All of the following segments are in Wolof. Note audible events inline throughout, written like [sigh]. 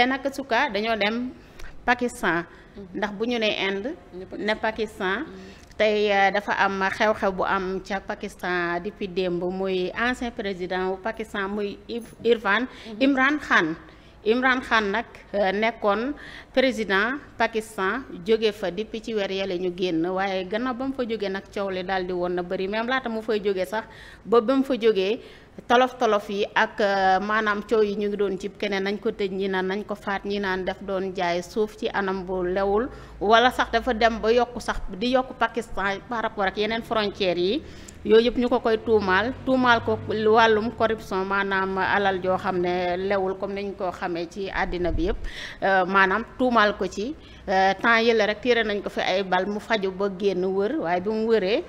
te nag suka dañoo dem Pakistan mm-hmm. ndax bu ñu ne Inde ne Pakistan mm-hmm. tey eh, dafa am xew-xew bu am ca Pakistan depuis démb muy ancien président wu Pakistan muy Irfan mm-hmm. Imran xan Imran xan nag eh, nekkoon président Pakistan jóge fa depuis ci weer yale ñu génn waaye gannaaw ba mu fa jógee nag coow li daal di woon na bëri même laata mu fay jógee sax ba ba mu fa jógee tolof tolof yi ak euh, maanaam coow yi ñu ngi doon cib keneen nañ ko tëj ñi naan nañ ko faat ñi naan def doon jaay suuf ci anam bu lewul wala sax dafa dem ba yokk sax di yokk Pakistan par rapport ak yeneen frontières yi yooyu yëpp ñu ko koy tuumaal tuumaal ko wàllum corruption maanaam alal joo xam ne lewul comme ni ñu ko xamee ci àddina bi yëpp euh, maanaam tuumaal ko ci euh, temps yële rek tiré nañ ko fi ay bal mu faju ba génn wër waaye bi mu wëree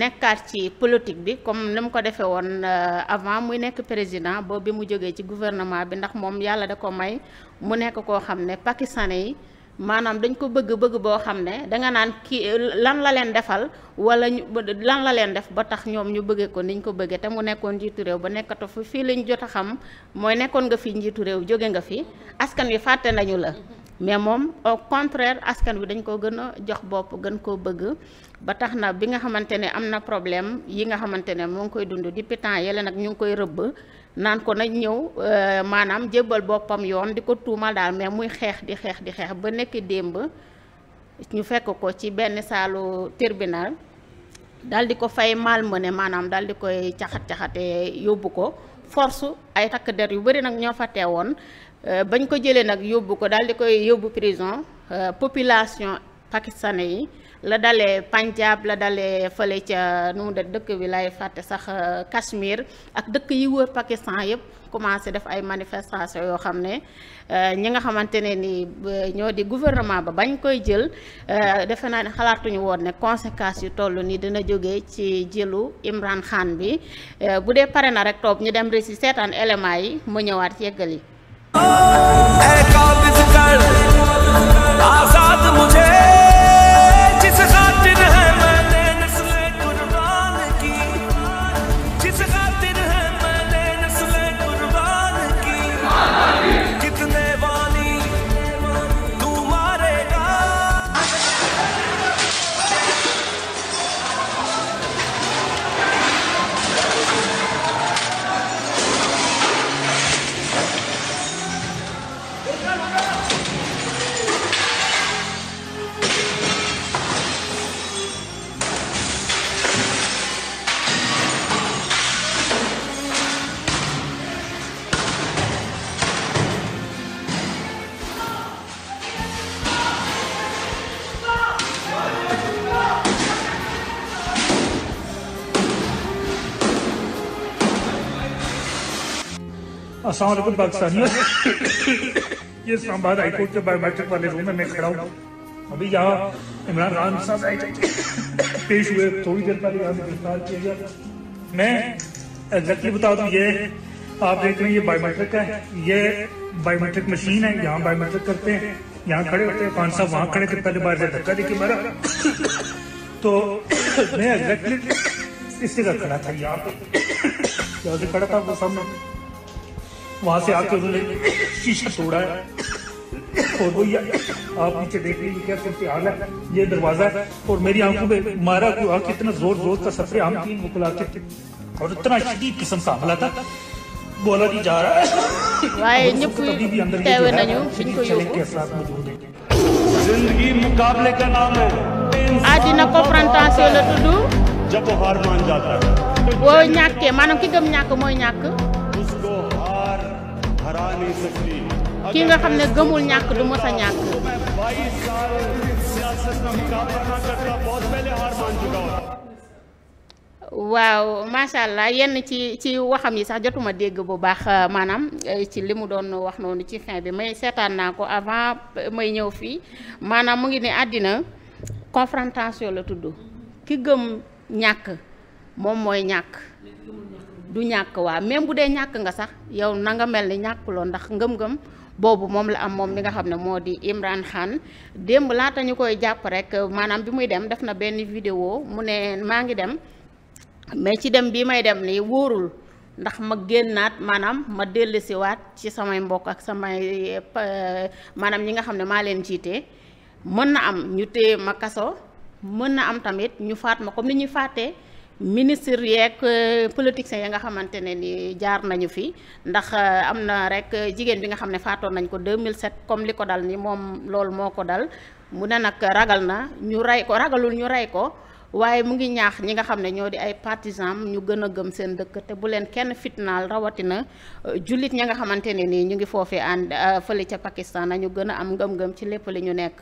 nekkaat ci politique bi comme ni mu ko defee woon euh, avant muy nekk président ba bi mu jógee ci gouvernement bi ndax moom yàlla da ko may mu nekk koo xam ne pakistanais yi maanaam dañ ko bëgg bëgg boo xam ne danga naan kii lan la leen defal wala ñu lan la leen def ba tax ñoom ñu bëggee ko niñ ko bëggee te mu nekkoon njiitu réew ba nekkatu fu fii lañ jot a xam mooy nekkoon nga fi njiitu réew jóge nga fi askan wi fàtte nañu la mm-hmm. mais moom au contraire askan wi dañ ko gën a jox bopp gën koo bëgg ba tax na bi nga xamante ne am na problème yi nga xamante ne moo ngi koy dund depuis temps yële nag ñu ngi koy rëbb naan ko nañ ñëw euh, maanaam jébbal boppam yoon di ko tuumal daal mais muy xeex di xeex di xeex ba nekk démb ñu fekk ko ci benn saalu tirbinal dal di ko fay ne maanaam dal di koy caxat caxate yóbbu ko force ay takk der yu bari nag ñoo fa teewoon euh, bañ ko jëlee nag yóbbu ko dal di koy yóbbu prison euh, population pakistanais yi la dalee Punjab la dalee fële ca nu mu de dëkk bi lay fàtte sax Cachemire euh, ak dëkk yi wër Pakistan yëpp commencé def ay manifestation yoo xam ne euh, ñi nga xamante ne ni ñoo di gouvernement ba bañ koy jël euh, defe naa ne xalaatuñu woon ne conséquences yu toll ni dina jóge ci jëlu Imran Khan bi bu dee pare na rek toog ñu dem rek si seetaan éléments yi mu ñëwaat yeggal yi. Oh, Aslam पाकिस्तानियों ये Islamabad high court के biometric वाले room में मैं खड़ा हूँ अभी यहाँ इमरान खान साहब पेश हुए थोड़ी देर पहले यहाँ गिरफ्तार किया गया मैं एग्जैक्टली बता दूँ ये आप देख रहे हैं ये बायोमेट्रिक है ये बायोमेट्रिक मशीन है यहाँ बायोमेट्रिक करते हैं यहाँ खड़े होते हैं खान साहब वहाँ खड़े थे पहले बाहर से धक्का देके मारा तो मैं एग्जैक्टली इस जगह खड़ा था यहाँ पे यहाँ से खड़ा था वो सामने वहां से आके उन्होंने शीशा तोड़ा है और वो ये आप नीचे देख लीजिए क्या सूरत हाल है ये दरवाजा है और मेरी आंखों में मारा कि वहाँ कितना जोर जोर का सफरे हम तीन मुकलाते थे और इतना शदीद किस्म का हमला था बोला नहीं जा रहा है वाए ñëpp teewe nañu fiñ ko yóbbu जिंदगी मुकाबले का नाम है àddina confrontation la tudd जब हार मान जाता है boo ñàkkee maanaam ki gëm ñàkk mooy ñàkk ki nga xam ne gëmul ñàkk du mës a ñàkk. waaw macha allah yenn ci waxam yi sax jotuma dégg bu baax euh, maanaam euh, ci li mu doon wax noonu ci fin bi may seetaan naa ko avant euh, may ñëw fii maanaam mu ngi ne àddina confrontation la tudd ki gëm ñàkk moom mooy ñàkk du ñàkk waa même bu dee ñàkk nga sax yow na nga mel ni ñàkkuloo ndax ngëm-ngëm boobu moom la am moom li nga xam ne moo di Imran Khan démb laata ñu koy jàpp rek maanaam bi muy dem def na benn vidéo mu ne maa ngi dem mais ci dem bi may dem nii wóorul ndax ma génnaat maanaam ma dellusiwaat ci samay mbokk ak samay euh, maanaam ñi nga xam ne maa leen jiite mën na am ñu téye ma kaso mën na am tamit ñu faat ma comme ni ñuy faatee. ministre yeeg euh, politiciens ya nga xamante ne ni jaar nañu fi ndax euh, am na rek jigéen bi nga xam ne faatoon nañ ko 2007 comme li ko dal ni moom loolu moo ko dal mu ne nag ragal na ñu rey ko ragalul ñu rey ko waaye mu ngi ñaax ñi nga xam ne ñoo di ay partisans ñu gën a gëm seen dëkk te bu leen kenn fitnaal rawatina euh, jullit ña nga xamante ne nii ñu ngi foofee ànd fële ca Pakistan nañu gën a am ngëm-ngëm ci lépp li ñu nekk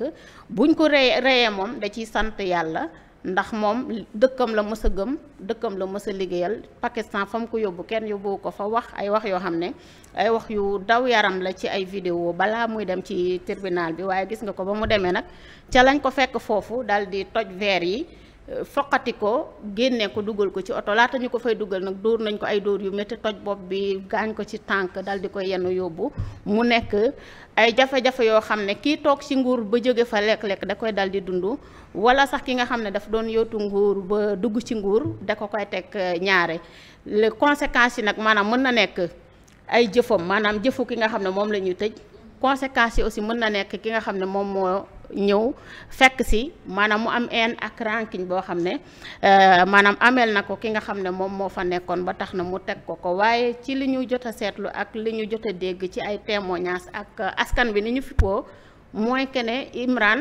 buñ ko reyee reyee moom da ciy sant yàlla. ndax moom dëkkam la mësa gëm dëkkam la mës liggéeyal Pakistan fa mu ko yóbbu kenn yóbbu ko fa wax ay wax yoo xam ne ay wax yu daw yaram la ci ay vidéo balaa muy dem ci tribunal bi waaye gis nga ko ba mu demee nag ca lañ ko fekk foofu dal di toj verre yi foqati ko génne ko dugal ko ci oto laata ñu ko fay dugal nag dóor nañ ko ay dóor yu métti toj bopp bi gaañ ko ci tànk dal di koy yenn yóbbu mu nekk ay jafe-jafe yoo xam ne kii toog ci nguur ba jóge fa lekk-lekk da koy dal di dund wala sax ki nga xam ne daf doon yootu nguur ba dugg ci nguur da ko koy teg eh, ñaare les conséquences yi nag maanaam mën na nekk ay jëfam maanaam jëfu ki nga xam ne moom la ñuy tëj conséquences yi aussi mën na nekk ki nga xam ne moom moo ñëw fekk si maanaam mu am haine ak rancune boo xam ne euh, maanaam ameel na ko ki nga xam ne moom moo fa nekkoon ba tax na mu teg ko ko waaye ci li ñu jot a seetlu ak li ñu jot a dégg ci ay témoignages ak askan bi ni ñu fi ko mooy kene ne Imran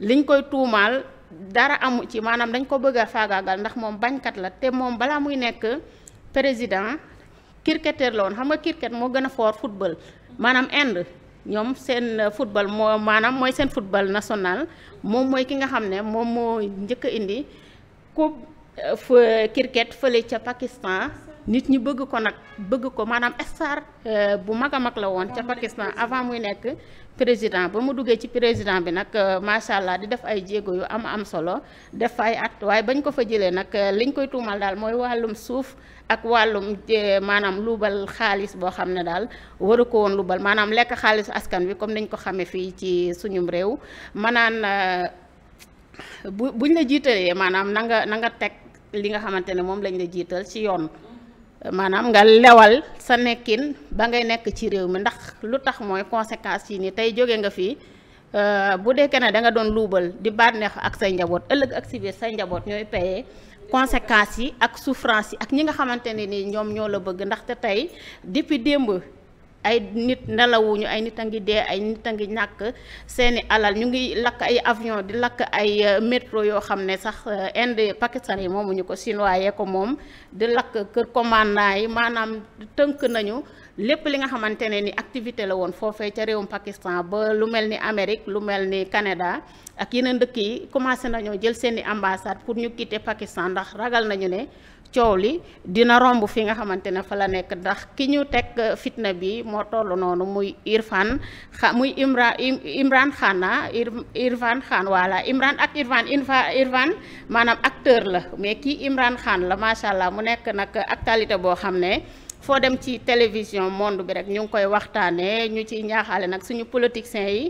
liñ koy tuumaal dara amu ci maanaam dañ ko bëgg a faagaagal ndax moom bañkat la te moom balaa muy nekk président. kirketeer la woon xam nga kirket moo gën a foor football maanaam Inde ñoom seen euh, football moo maanaam mooy seen football national moom mooy ki nga xam ne moom moo njëkk a indi coupe euh, cricket fële ca Pakistan nit ñi bëgg ko nag bëgg ko maanaam star euh, bu mag a mag la woon ca Pakistan avant muy nekk président ba mu duggee ci président bi nag euh, macha allah di def ay jéego yu am am solo def ay at waaye bañ ko fa jëlee nag euh, liñ koy tuumal daal mooy wàllum suuf ak wàllum maanaam luubal xaalis boo xam ne daal waru ko woon luubal maanaam lekk xaalisu askan bi comme nañ ko xamee fii ci suñum réew manaan bu buñ la jiitalee maanaam na nga na nga teg li nga xamante ne moom lañ la jiital ci yoon maanaam nga lewal sa nekkin ba ngay nekk ci réew mi ndax lu tax mooy conséquences yi ni tey jóge nga fii euh, bu dee ne da nga doon luubal di bànneex ak say njaboot ëllëg ak si biir say njaboot ñooy paye conséquences yi ak souffrance yi ak ñi nga xamante ne ni ñoom ñoo la bëgg ndaxte tey depuis démb ay nit nelawuñu ay nit a ngi dee ay nit a ngi ñàkk seeni alal ñu ngi lakk ay avion di lakk ay euh, métro yoo xam ne sax euh, Inde Pakistan yi moomuñu ko chinois yee ko moom di lakk kër commandant yi maanaam tënk nañu lépp li nga xamante ne ni activité la woon foofee ca réewum Pakistan ba lu mel ni Amérique lu mel ni Canada ak yeneen dëkk yi commencé nañoo jël seen i ambassade pour ñu quitter Pakistan ndax ragal nañu ne coow li dina romb fi nga xamante ne fa la nekk ndax ki ñu teg fitna bi moo toll noonu muy Irfan xa muy Imra Imran Khan Irfan xan voilà Imran ak Irfan Irfan Irfan maanaam acteur la mais kii Imran xan la macha allah mu nekk nag actualité boo xam ne. foo dem ci télévision monde bi rek ñu ngi koy waxtaanee ñu ci ñaaxaale nag suñu politiciens yi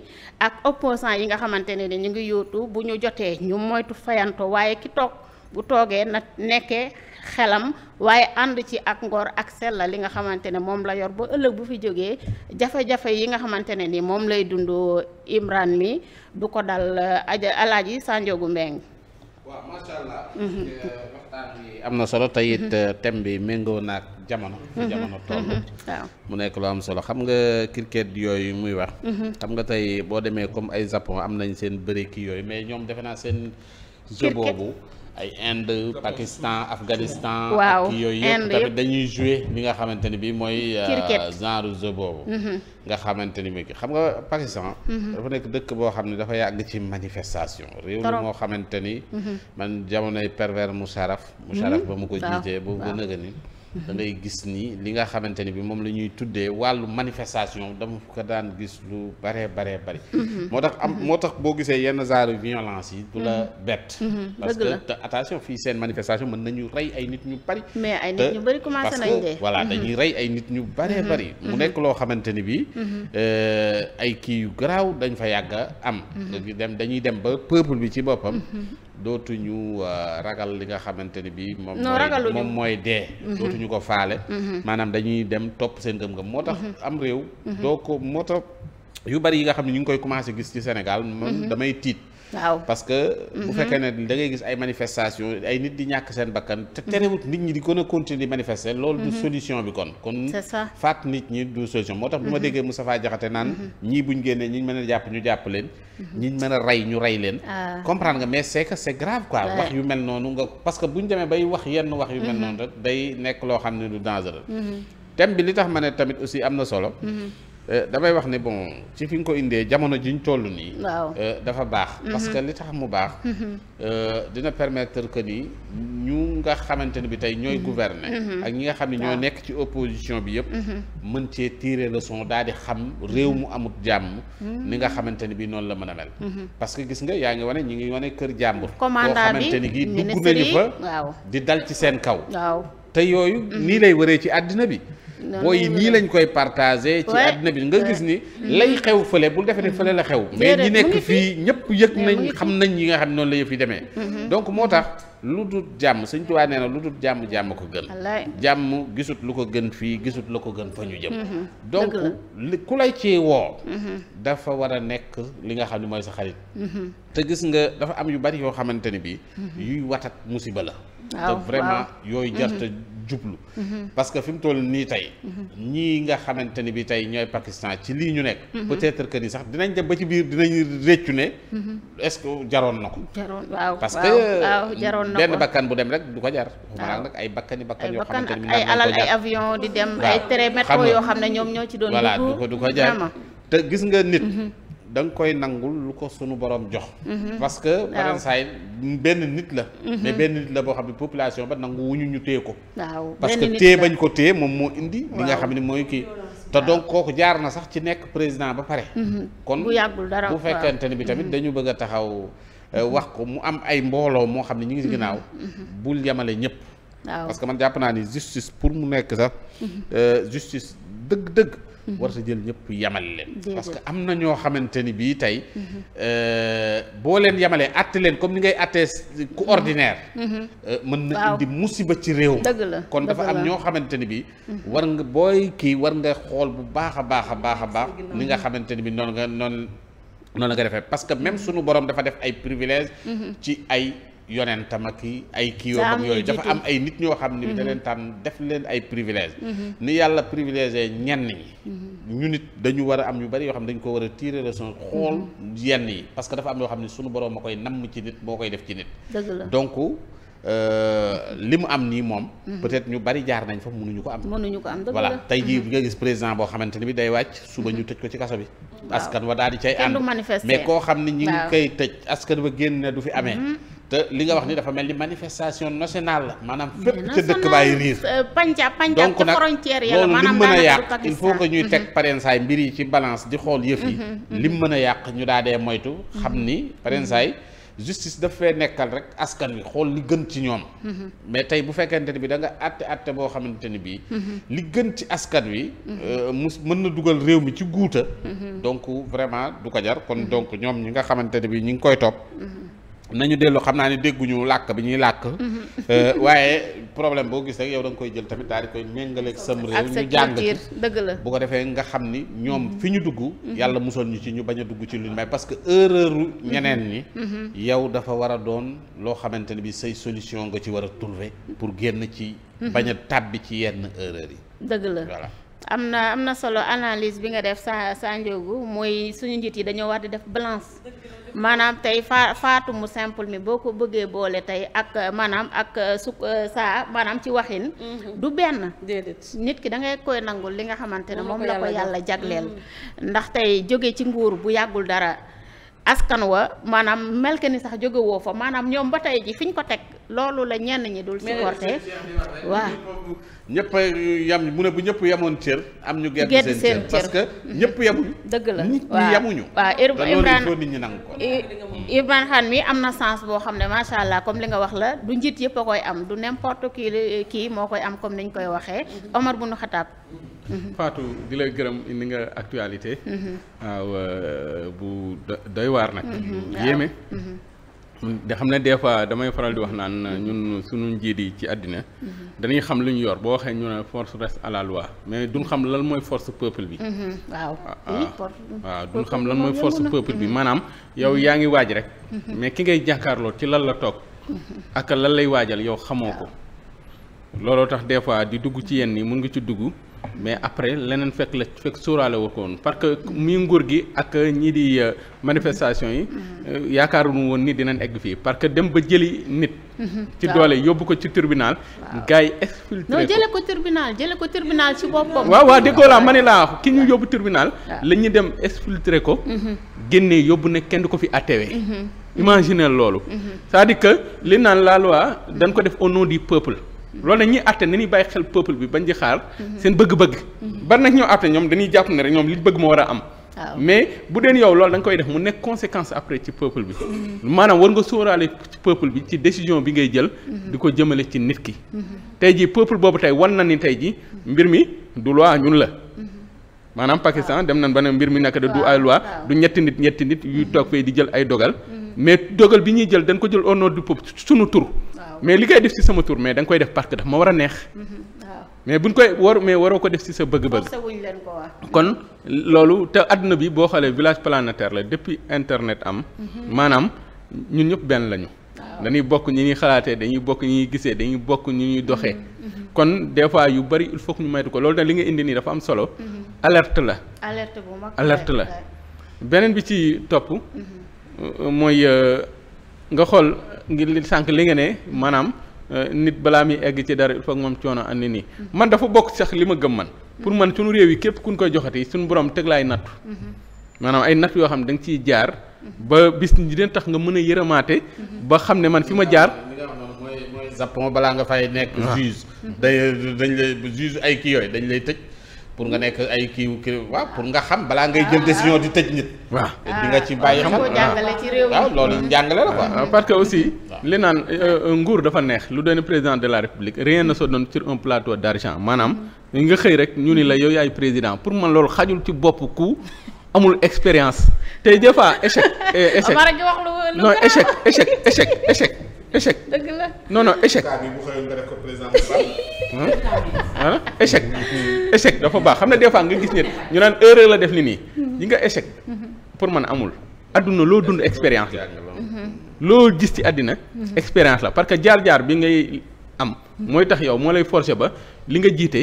ak opposants yi nga xamante ne ni ñu ngi yóotu bu ñu jotee ñu moytu fayanto waaye ki toog bu toogee na nekkee xelam waaye ànd ci ak ngor ak sella li nga xamante ne moom la yor ba ëllëg bu fi jógee jafe-jafe yi nga xamante ne ni moom lay dund Imran mi du ko dal euh, aja Alaaji Sanjogu Mbeng waaw macha mhm. eh, am na solo tey it mhm. thème bi méngoo naag jamono. Mhm. jamono toll. waaw mu nekk lu am solo xam nga cricket yooyu muy wax. xam nga tey boo demee comme ay Japon am nañ seen bëri kii yooyu mais ñoom defe naa seen. jeu boobu. ay Inde Pakistan Afghanistan. waaw yooyu yëpp tamit dañuy jouer li nga xamante ni bii mooy. Euh, genre jeu boobu. Mhm. nga xamante ni bii xam nga Pakistan. Mhm. dafa nekk dëkk boo xam ne dafa yàgg ci manifestation. réew mi moo xamante ni. Mhm. man jamonoy pervers Musharraf. Musharraf ba mu ko jiitee ba gën a da gis ni li nga xamante ni bi moom la ñuy tuddee wàllu manifestation dama ko daan gis lu baree baree bari mhm. moo tax am moo tax boo gisee yenn genre violence yi du la mhm. bett mhm. parce que te attention fii seen manifestation mën nañu rey ay nit ñu bari mais ay nit ñu bari commencé nañ dee voilà dañuy rey ay nit ñu baree bari mu nekk loo xamante ni bi euh, ay kii yu garaaw dañ fa yàgg am dem dañuy dem ba peuple bi ci boppam dootuñu euh, ragal li nga xamante ni bii. moom mooy moom mooy dee. Mm-hmm. dootuñu ko faale. Mm-hmm. maanaam dañuy dem topp seen gëm-gëm moo tax mm-hmm. am réew. doo ko moo tax yu bari yi nga xam ne ñu ngi koy commencé gis ci Sénégal. man damay tiit. waaw parce que. bu mhm. fekkee ne da ngay gis ay manifestation ay nit di ñàkk seen bakkan. te mhm. terewut nit ñi di gën a continuer di manifester. loolu du mhm. solution bi kon. kon faat nit ñi du solution moo tax bu ma déggee Moustapha Diakhaté naan. ñii buñ génnee ñi mën a jàpp ñu jàpp leen. ñi mën a rey ñu rey leen. Ah. comprendre nga mais c'est que c'est grave quoi. wax yu mel noonu nga parce que buñ demee bay wax yenn wax yu mel noonu rek day nekk loo xam ne du dangereux. thème bi li tax ma ne tamit aussi am na solo. Euh, damay wax ne bon ci fi nga ko indee jamono ji ñu toll nii. waaw euh, dafa baax. Mhm. parce que li tax mu baax. Mhm. Euh, dina permettre que ni ñu nga xamante ne bi tey ñooy mhm. gouverner. ak ñi nga xam ne ñoo nekk ci opposition bi yëpp. mën cee tirer leçon daal di xam réew mu amut jàmm. ni nga xamante ne bi noonu la mën a mel. parce que gis nga yaa ngi wane ñi ngi wane kër jàmbur. commandant bi xamante ni dugg nañu fa. di dal ci seen kaw. waaw te yooyu. nii lay wëree ci àddina bi. booy nii lañ koy partagé ci àddina bi nga gis ni mm-hmm. lay xew fële bul defee ne fële la xew mais ñi nekk fii ñëpp yëg nañ xam nañ yi nga xam noonu la yëf yi demee mm-hmm. donc moo tax lu dul jàmm sëñ Tuubaa nee na lu dul jàmm jàmm ko gën jàmm gisut lu ko gën fii gisut la ko gën fa ñu jëm mm-hmm. donc ku lay ci woo dafa war a nekk li nga xam ne mooy sa xarit te gis nga dafa am yu bari yoo xamante ni bi yuy watat musiba la te vraiment yooyu jarte jublu. Mhm. parce que fi mu toll nii tey. Mhm. ñii nga xamante ni bi tey ñooy Pakistan ci lii ñu nekk. Mhm. peut-être que ni sax dinañ dem ba ci biir dinañ réccu ne. est-ce que jaroon na ko. jaroon waaw parce que benn bakkan bu dem rek du ko jar. ay bakkani bakkan yoo xamante ni ay alal ay avion di dem ay. métro yoo xam ne ñoom ñoo ci doon. voilà du ko du ko jar te gis nga nit. da nga koy nangul lu ko sunu boroom jox. Mhm. parce que Parensaay benn nit la. Mhm. mais benn nit la boo xam ne population ba nangu wuñu ñu téye ko. waaw parce téye bañ ko téye moom moo indi. li nga xam ne mooy kii. te donc kooku jaar na sax ci nekk président ba pare. Mhm. kon bu yàggul dara bu fekkente ni bi tamit dañu bëgg a taxaw euh, wax ko mu am ay mbooloo moo xam ne ñu ngi si ginnaaw. bul yamale ñëpp. waaw parce que man jàpp naa ni justice pour mu nekk sax. Euh, justice dëgg-dëgg. war sa jël ñëpp yamal leen parce que am na ñoo xamante ni bii tey mhm. euh, boo leen yamalee àtte leen comme ni ngay àttee ku mhm. ordinaire mhm. Euh, mën na indi musiba ci réew mi kon dafa am ñoo xamante ni bii war nga booy kii war nga xool bu baax a baax a baax a baax ni nga xamante ni bii noonu nga noonu noonu nga defee parce que même sunu borom dafa def ay privilèges ci ay yonentam ak ay kii yoom yooyu dafa am ay nit ñoo xam ni bi da mm-hmm. leen tànn def leen ay privilège mm-hmm. ni yàlla privilégié ñenn ñi mm-hmm. ñu nit dañu war a am yu bari yoo xam ne dañu ko war a tirer leçon xool yenn yi parce que dafa am yoo xam ne suñu borom ma koy namm ci nit moo koy def ci nit donc euh, li mu am nii moom peut-être ñu bari jaar nañ fa mu ko am ko am voilà tey jii nga gis président boo xamante ni bi day wàcc suba ñu tëj ko ci kaso bi askan wa daal di cay ànd mais koo xam ne ñi ngi koy tëj askan fi amee te li nga wax ni dafa mel ni manifestation nationale la maanaam fépp ca dëkk bàyyi riir euh, panca panca donc nag loolu lim mën a yàq il faut que ñuy teg mhm. parensaay mbir yi ci balance di xool yëf yi mhm, mhm. li mën a yàq ñu daa dee moytu xam ni parensaay justice daf fee nekkal rek askan wi xool li gën ci ñoom mais tey bu fekkente ni bi da nga àtte àtte boo xamante ni bii li gën ci askan wi euh, mu mën na dugal réew mi ci guuta donc vraiment du ko jar kon donc ñoom ñi nga xamante ni bi ñi ngi koy topp nañu dellu xam naa ne dégguñu làkk bi ñuy làkk mm-hmm. euh, waaye problème boo gis rek yow da nga koy jël tamit daal di koy méngaleeg sam réew ñu jàng dëgg la bu ko defee nga xam ni ñoom mm-hmm. fi ñu dugg mm-hmm. yàlla musal ñu ci ñu bañ a dugg ci luñ may parce que erreuru ñeneen ñi yow dafa war a doon loo xamante ne bi say solution nga ci war a trouver pour génn ci bañ a tàbbi ci yenn erreur yi dëgg la voilà am na am na solo analyse bi nga def sa sa njoogu mooy suñu njiit yi dañoo war di def balance maanaam tey faa faatu mu simple mi boo ko bëggee boole tey ak euh, maanaam ak euh, su euh, saa maanaam ci waxin. Mhm. du benn. déedéet nit ki da ngay koy nangul li nga xamante ne moom la ko yàlla jagleel. Mhm. ndax tey jóge ci nguur bu yàggul dara askan wa maanaam mel ke ni sax jóge woo fa maanaam ñoom ba tey ji fi ñu ko teg. loolu la ñenn ñi dul supporter waaw ñëpp yam mu ne bu ñëpp yemoon cër am ñu gedd seen cër parce que ñëpp yemuñu dëgg la nit ñi yemuñu waaw Imran Imran Khan mi am na sens boo xam ne macha allah comme li nga wax la du njiit yëpp a koy am du n'importe kii kii moo koy am comme niñ koy waxee Omar bunu Xataab mhm. faatu di la gërëm indi nga actualité mhm. waaw euh, bu doy waar nag mhm. yéeme da xam ne des fois damay faral di wax naan euh, ñun suñu njiit yi ci àddina mm-hmm. dañuy xam lu ñu yor boo waxee ñu ne force reste à la mais duñ xam lan mooy force peuple bi. Mm-hmm. waaw ah, ah. waaw xam lan mooy force peuple bi mm-hmm. maanaam yow yaa ngi waaj rek. mais ki ngay jàkkaarloo ci lan la toog. ak lan lay waajal yow xamoo ko. looloo tax des fois di dugg ci yenn yi mun nga ci dugg. mais après leneen fekk la fekk suuraale wu ko woon parce muy nguur gi ak ñii di euh, manifestation yi. Mhm. yaakaaruñu woon ni dinañ egg fii parce que dem ba jëli nit. Mhm. ci doole yóbbu ko ci tribunal. waaw gars yi exfiltré ko non jëlee ko waaw waaw déggoo laa ma ne laa ki ñu yóbbu tribunal. la ñu dem exfiltré ko. Mhm. génnee yóbbu ne kenn du ko fi attewee. imaginez loolu. cest à li naan la loi dañ ko def au peuple. loolu nag ñuy àtte nañuy bàyyi xel peuple bi bañ ji xaar seen bëgg-bëgg bari nag ñoo àtte ñoom dañuy jàpp ne rek ñoom li bëgg moo war a am mais bu deen yow loolu da koy def mu nekk conséquence après ci peuple bi maanaam war nga sóoraale ci peuple bi ci décision bi ngay jël di ko jëmale ci nit ki tey ji peuple boobu tey war na ni tey ji mbir mi du loi ñun la maanaam Pakistan dem nañ ba ne mbir mi naka de du ay loi du ñetti nit ñetti nit yuy mm-hmm. toog di jël ay dogal mm-hmm. mais dogal bi ñuy jël dañ ko jël au nom du peuple sunu mais li ngay def si sama tur mais da koy def parce que daf ma war a neex. Mm-hmm. mais buñ koy war mais waroo ko def si sa bëgg-bëgg. kon loolu te àdduna bi boo xoolee village planétaire la depuis internet am. Mm-hmm. maanaam ñun ñëpp benn lañu. dañuy bokk ñi ñuy xalaatee dañuy bokk ñi ñuy gisee dañuy bokk ñu ñuy doxee. Mm-hmm. kon des fois yu bari il faut que ñu maytu ko loolu nag li nga indi nii dafa am solo. alerte la. alerte alerte la beneen bi ci topp. Euh, mooy. Euh, nga xool ngir li sànq li nga ne maanaam euh, nit balaa muy egg ci dara il faut moom coono ni nii mm-hmm. man dafa bokk sax li ma gëm man pour man suñu réew yi képp kun koy joxati suñu borom teg laay nattu mm-hmm. maanaam ay natt yoo xam ne da nga ciy jaar mm-hmm. ba bis ñi dina tax nga mën a yërëmaate ba xam ne man fi ma jaar mooy Japon balaa nga fay nekk ah. juge dañ dañ lay juge ay kii yooyu dañ lay tëj pour nga nekk ay kii kii waaw pour nga xam balaa ngay jël décision di tëj nit. waaw di nga ci bàyyi ah, xel waaw loolu njàngale la quoi. Ah, parce que aussi li naan euh, nguur dafa neex lu doon président de la république rien ne se donne sur un plateau d'argent maanaam nga xëy rek ñu ni la yow yaay président pour man loolu xajul ci bopp ku amul expérience tey des échec. Eh, [laughs] échec non échec échec échec échec [laughs] échec. ah échec échec dafa baax xam ne des fois nga gis nit ñu naan erreur la def ni nii li nga échec pour man amul adduna loo dund expérience la loo gis ci àddina expérience la parce que jaar-jaar bi ngay am mooy tax yow moo lay forcer ba li nga jiite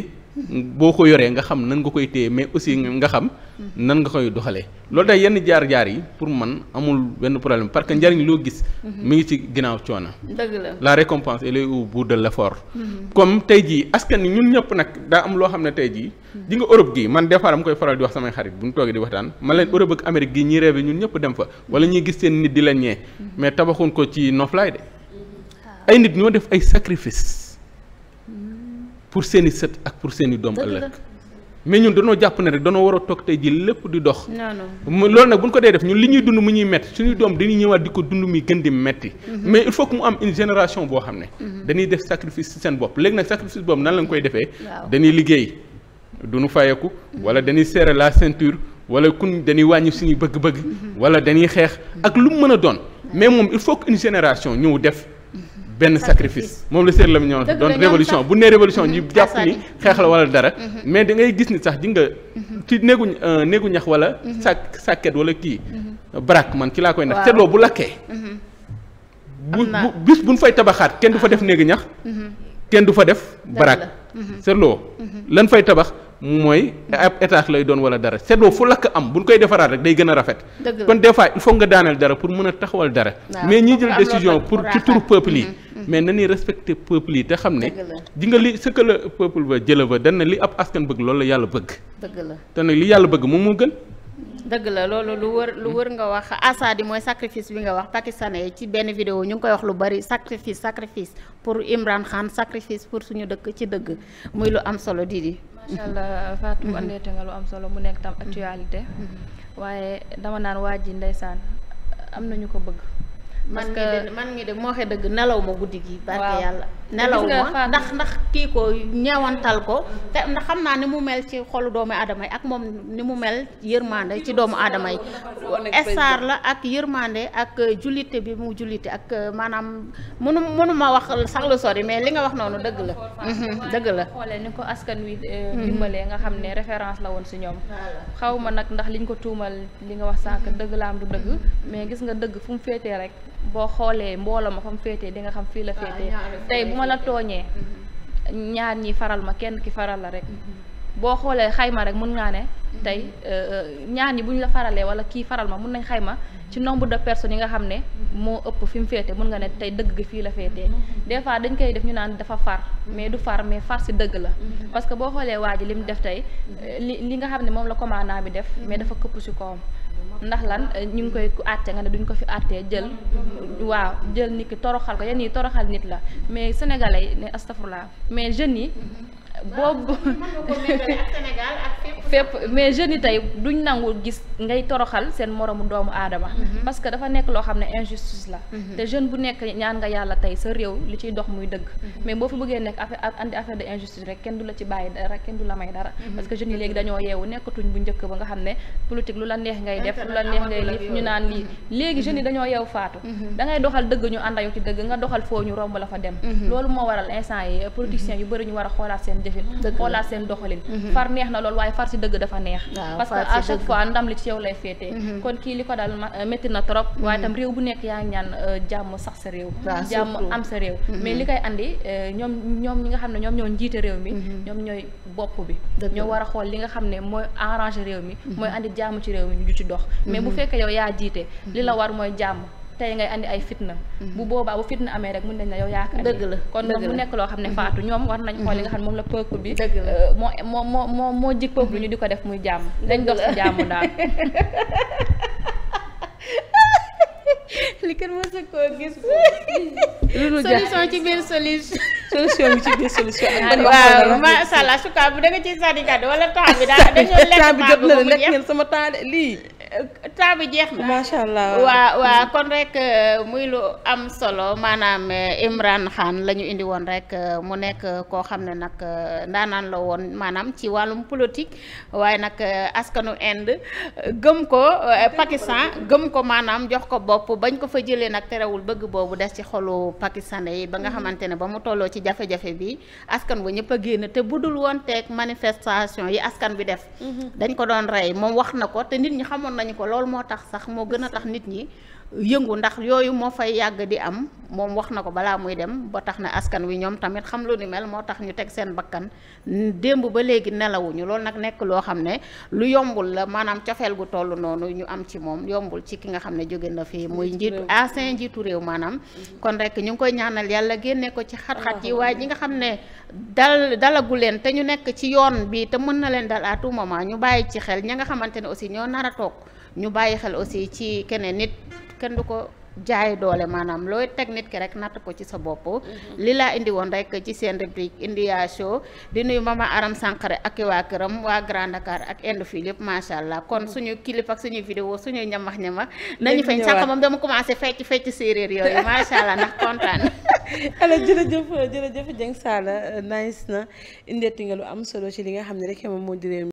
boo ko yoree nga xam nan nga koy téye mais aussi nga xam nan nga koy doxalee loolu day yenn jaar jaar yi pour man amul benn problème parce que njariñ loo gis mu ngi ci ginnaaw coono dëgg la la récompense elle est au bout de mhm. comme tey jii askan wi ñun ñëpp nag daa am loo xam ne tey jii di nga Europe gii man des mu koy faral di wax samay xarit bu ñu toogee di waxtaan man leen Europe ak Amérique gii ñi rêvé ñun ñëpp dem fa wala ñuy gis seen nit di leen ñee mhm. mais tabaxuñ ko ci noflaay de ah. ay nit ñoo def ay pour seeni set ak pour seeni i doom ëllëg mais ñun dañoo jàpp ne rek dañoo war a toog tey ji lépp di dox loolu nag bu ñu ko dee def ñun li ñuy dund mu ñuy metti suñuy doom dañuy ñëwaat di ko dund muy gën di metti mhm. mais il faut que mu am une génération boo xam ne mhm. dañuy def sacrifice ci seen bopp léegi nag sacrifice boobu nan lañ koy defee dañuy liggéey duñu fayeku mhm. wala dañuy serrer la ceinture wala kun dañuy wàññi suñuy bëgg-bëgg wala dañuy xeex ak lu mu mën a doon mais moom il faut que une génération ñëw def benn sacrifice moom la Sëriñ Lamine ñoo doon révolution bu nee révolution ñu mmh, jàpp ni xeex la wala dara mmh, mmh. mais dangay gis ni sax ji nga ci néegu euh, néegu ñax wala sàkk sàkket wala kii barak man ci laa koy ndax seetloo bu lakkee bu bu bis buñ fay tabaxaat kenn du fa def néegu ñax kenn du fa def barak seetloo lan fay tabax mooy ab étage lay doon wala dara seddoo fu lakk am bu buñ koy defaraat rek day gën a rafet kon des fois il nga daaneel dara pour mën a taxawal dara mais ñi jël décision pour ci turu peuple yi mm-hmm, mm-hmm. mais ni respecte peuple yi te xam ne di nga li ce que le ba jëla ba dana li ab askan bëgg loolu la yàlla bëgg te nag li yàlla bëgg moom moo gën dëgg la loolu lu wër lu wër nga wax Assadi mooy sacrifice bi nga wax pakistanais yi ci benn vidéo ñu ngi koy wax lu bari sacrifice sacrifice pour Imran Khan sacrifice pour suñu dëkk ci dëgg muy lu am solo di macha allah Fatou mm-hmm. andeete nga lu am solo mu nekk tam mm-hmm. actualité mm-hmm. waaye dama naan waa ji ndeysaan am nañu ko bëgg man mii man ngi de moo xee dëgg nelaw ma guddi gi. barke yàlla nelaw ma ndax ndax kii ko ñeewantal ko. te ndax xam naa ni mu mel ci xolu doomi aadama yi ak moom ni mu mel yërmande ci doomu aadama yi. estar la ak yërmande ak euh, jullite bi mu jullite ak euh, maanaam mënu mënu ma wax sax lu sori mais li nga wax noonu dëgg la. [laughs] dëgg la xoolee ni ko aska wi. Euh, mm-hmm. dimbalee nga xam ne référence la woon si ñoom. xaw ma nag ndax li liñ ko tuumal li nga wax sànq dëgg am du dëgg mais gis nga dëgg fu mu féetee rek. boo xoolee mbooloo ma fa mu féetee di nga xam fii la ah, féetee tey bu ma la tooñee mm-hmm. ñaar ñi faral ma kenn ki faral la rek mm-hmm. boo xoolee xayma rek mën ngaa ne mm-hmm. tey euh, euh, ñaar ñi bu ñu la faralee wala kii faral ma mun nañ xayma ci nombre de personnes yi nga xam ne moo ëpp fi mu féete mën nga ne tey dëgg gi fii la féetee des fois dañ koy def ñu naan dafa far mais du far mais far si dëgg la parce que boo xoolee waa ji li mu def tey li li nga xam ne moom la commandant bi def mais dafa këpp si kawam ndax lan euh, ñu ngi koy àtte nga ne duñ ko fi àttee jël waaw jël nit ki toroxal ko yenn yi toroxal nit la mais sénégal yi ne astafurlah mais jeunes yi boobu fépp mais jeunes yi tey duñ nangu gis ngay toroxal seen moroomu doomu aadama mhm. parce que dafa nekk loo xam ne injustice la mhm. te jeune bu nekk ñaan nga yàlla tey sa réew li ciy dox muy dëgg mhm. mais boo fi bëggee nekk affaire andi affaire de injustice rek kenn du la ci bàyyi dara kenn du la may dara parce que jeunes yi léegi dañoo yeewu nekkatuñ bu njëkk ba nga xam ne politique lu la neex ngay def lu la neex ngay lif ñu naan lii léegi jeunes yi dañoo yeew faatu da ngay doxal dëgg ñu àndayu ci nga doxal foo ñu romb la dem loolu moo waral instant yi bëri ñu war a seen jëfin xoolaat seen doxalin mhm. far neex na loolu waaye far si dëgg dafa neex parce que à chaque fois ndam li ci yow lay féetee mhm. kon kii li ko daal métti na trop mhm. waaye tam réew bu nekk yaa ñaan euh, jàmm sax sa réew jàmm am sa réew mais li koy andi euh, ñoom ñoom ñi nga ñoom njiite réew mi ñoom ñooy bopp bi ñoo war a xool li nga xam ne mooy arranger réew mi mooy andi jàmm ci réew mi ñu ci dox mais bu fekkee yow yaa jiite li la war mooy jàmm tey ngay andi ay fitna mm-hmm. bu boobaa bu fitna amee rek mun nañ la yow yaakaar dëgg la kon nag mu nekk loo xam ne mm-hmm. faatu ñoom war nañ xool li nga xam ne moom la peuple bi dëgg euh, moo moo moo moo moo jig mm-hmm. ñu di ko def muy jàmm dañ dox si jàmm daal [laughs] li kenn mës a koo gis. solution ci biir solution. solution bi ci biir bu dee ci sànni kàddu wala temps daal dañoo [laughs] lekk. temps bi lekk ngeen sama temps lii. temps bi jeex na macha allah waa waa kon rek euh, muy lu am solo maanaam euh, Imran Khan la ñu indi woon rek euh, mu nekk koo xam ne nag ndaanaan la woon maanaam ci wàllum politique waaye nag askanu Inde gëm ko Pakistan gëm ko maanaam jox ko bopp bañ ko fa jëlee nag terewul bëgg boobu des ci xolu pakistanais yi ba nga mhm. xamante ne ba mu tolloo ci jafe-jafe bi askan wa ñëpp a génn te bu dul teeg manifestation yi askan bi def. Mhm. dañ ko doon rey moom wax na ko te nit ñi xamoon nañu ko loolu moo tax sax moo gën a tax nit ñi yëngu ndax yooyu moo fay yàgg di am moom wax na ko balaa muy dem ba tax na askan wi ñoom tamit xam lu ni mel moo tax ñu teg seen bakkan démb ba léegi nelawuñu loolu nag nekk loo xam ne lu yombul la maanaam cofeel gu toll noonu ñu am ci moom yombul ci ki nga xam ne jóge na fii muy njiitu ancien njiitu réew maanaam mm-hmm. kon rek ñu ngi koy ñaanal yàlla génne ko ci xat-xat yi waaye ñi nga xam ne dal dalagu leen te ñu nekk ci yoon bi te mën na leen dal à tout moment ñu bàyyi ci xel ña nga xamante ne aussi ñoo nar toog ñu bàyyi xel aussi ci keneen nit kenn du ko jaay doole maanaam looy teg nit ki rek natt ko ci sa bopp mhm. li laa indi woon rek ci seen rubrique India Show di nuyu mama Aram Sankare ak waa këram waa Grand Dakar ak ind fii lépp macha allah kon mhm. suñu clip ak suñuy vidéo suñuy ñamax ñamax na feeñ sànq moom dama commencé fecc fecc séeréer yooyu macha allah ndax kontaan [laughs] alors jërëjëf jërëjëf Dieng Sala nice na indeeti nga lu am solo ci li nga xam ne rek moom moo di réew